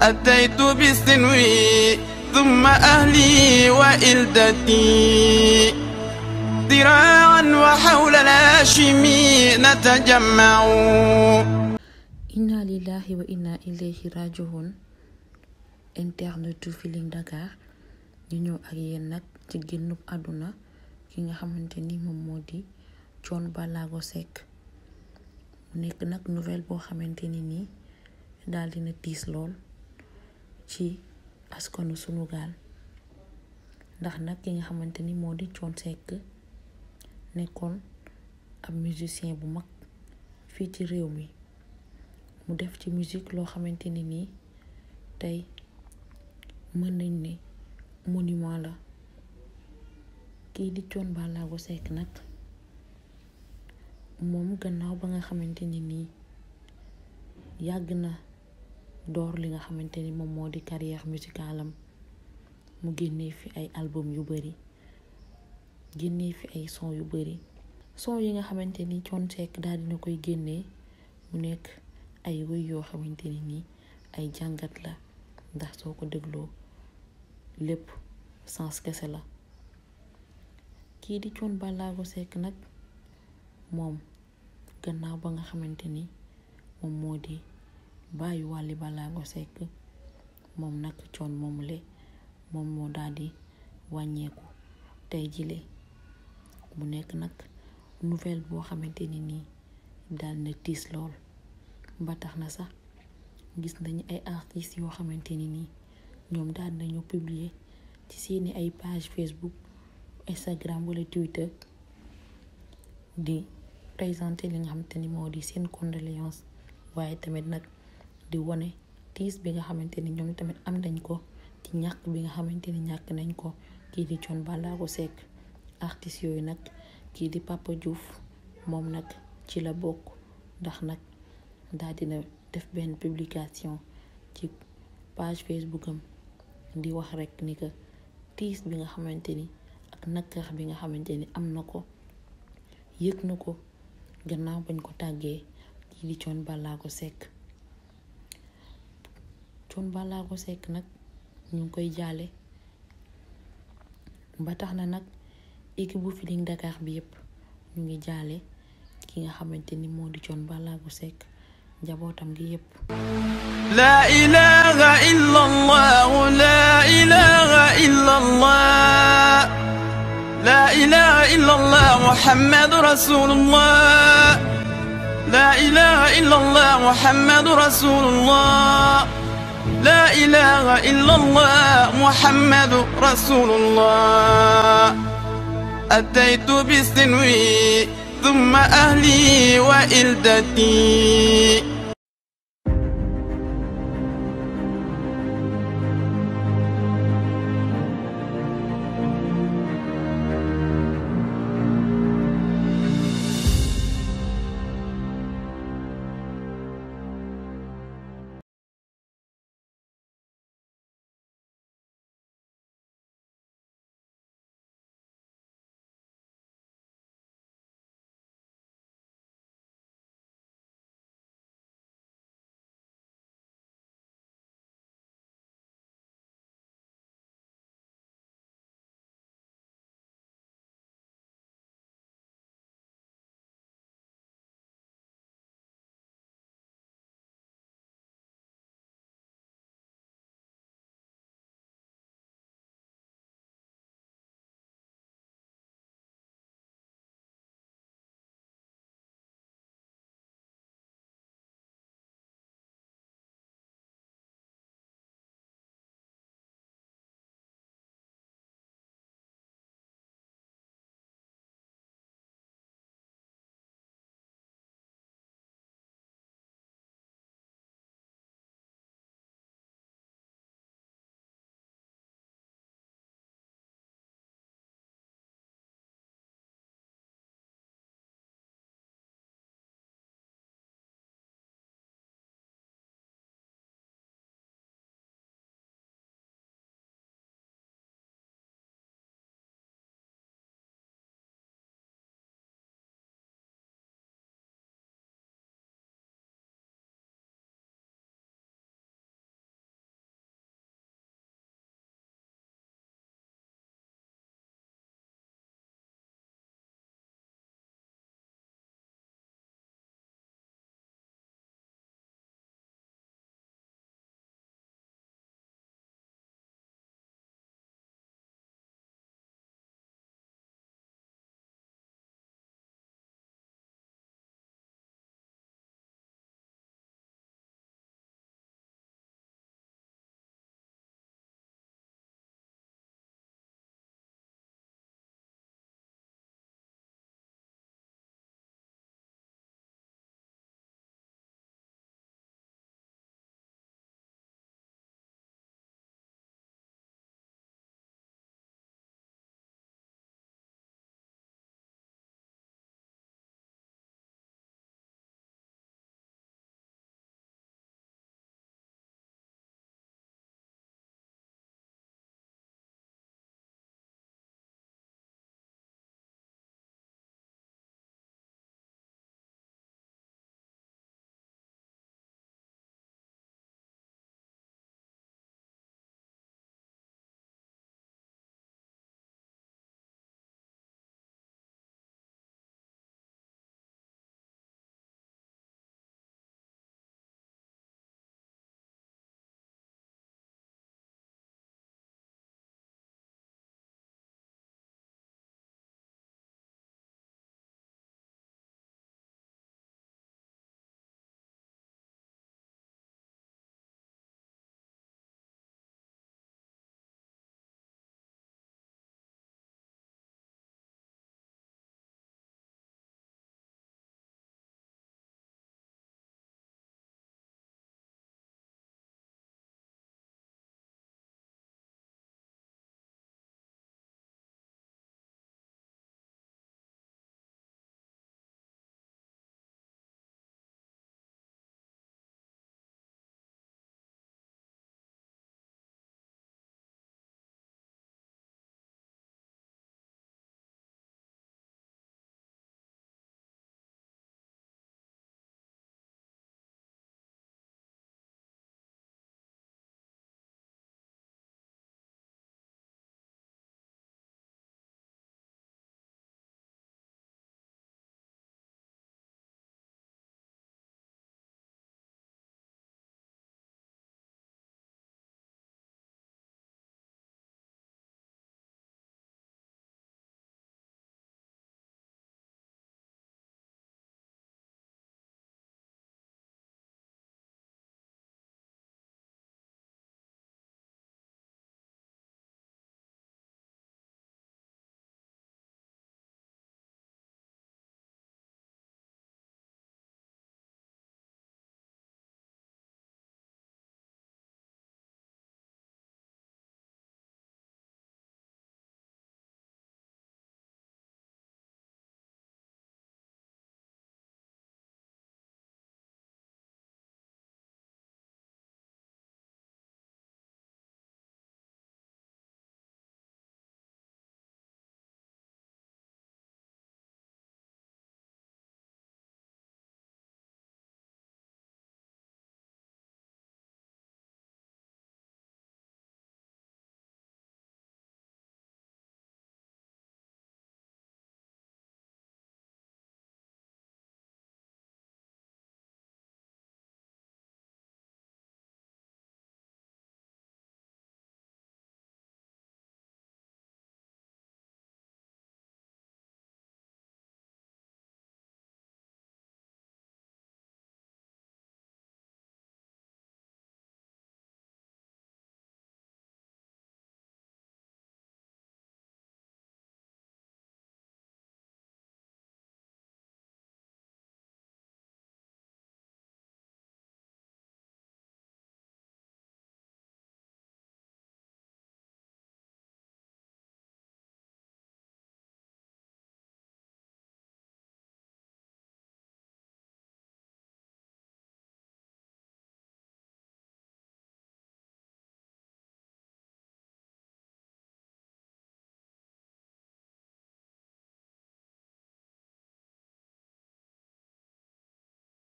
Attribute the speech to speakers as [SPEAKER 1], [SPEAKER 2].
[SPEAKER 1] أتيت بسنوي ثم أهلي وإلدتي ذراعا وحول الهاشمي نتجمع
[SPEAKER 2] إنا لله وإنا إليه راجعون internet du Feeling Dakar ñu ñëw ak yéen nag ci génnub àdduna ki nga xamante ni moom moo di Thione Ballago Seck mu nekk nag nouvelle boo xamante ni nii daal dina tiis lool ci askanu sunu gaal ndax nag ki nga xamante ni moo di coon sekk nekkoon ab musicien bu mag fii ci réew mi mu def ci musique loo xamante ni nii tey mën nañ ne monument la kii di coon Ballago Seck nag moom gannaaw ba nga xamante ni nii yàgg na door li nga xamante ni moom moo di carrière musicalam mu génnee fi ay album yu bari génnee fi ay son yu bari son yi nga xamante ni Thione Seck daal dina koy génnee mu nekk ay wëy yoo xamante ni nii ay jàngat la ndax soo ko dégloo lépp sens kese la kii di Thione Ballago sekk nag moom gannaaw ba nga xamante ni moom moo di bàyyi balaa Ballago Seck moom nag coon moomule moom moo daal di wàññeeku tey jile mu nekk nag nouvelle boo xamante ni nii daal na tiis lool ba tax na sax gis nañu ay artistes yoo xamante ni nii ñoom daal nañu publier ci seeni ay page Facebook Instagram wala Twitter di présenter li nga xamante ni moo di seen condoléance waaye tamit nag di wone tiis bi nga xamante ni ñoom tamit am nañ ko ci ñàkk bi nga xamante ni ñàkk nañ ko kii di Thione Ballago Seck artistes yooyu nag kii di Papa Diouf moom nag ci la bokk ndax nag daal dina def benn publication ci page Facebook am di wax rek ni que tiis bi nga xamante ni ak nakkax bi nga xamante ni am na ko yëg na ko gannaaw bañ ko tàggee kii di Thione Ballago Thione Ballago Seck nag ñu ngi koy jaale ba tax na nag équipe bu Feeling Dakar bi yëpp ñu ngi jaale ki nga xamante ni moo di Thione Ballago Seck njabootam gi yëpp la ilaha illa allah la ilaha illa allah
[SPEAKER 1] la ilaha illa allah muhammadu rasulullah la ilaha illa allah muhammadu rasulullah لا إله إلا الله محمد رسول الله أتيت بسنوي ثم أهلي وإلدتي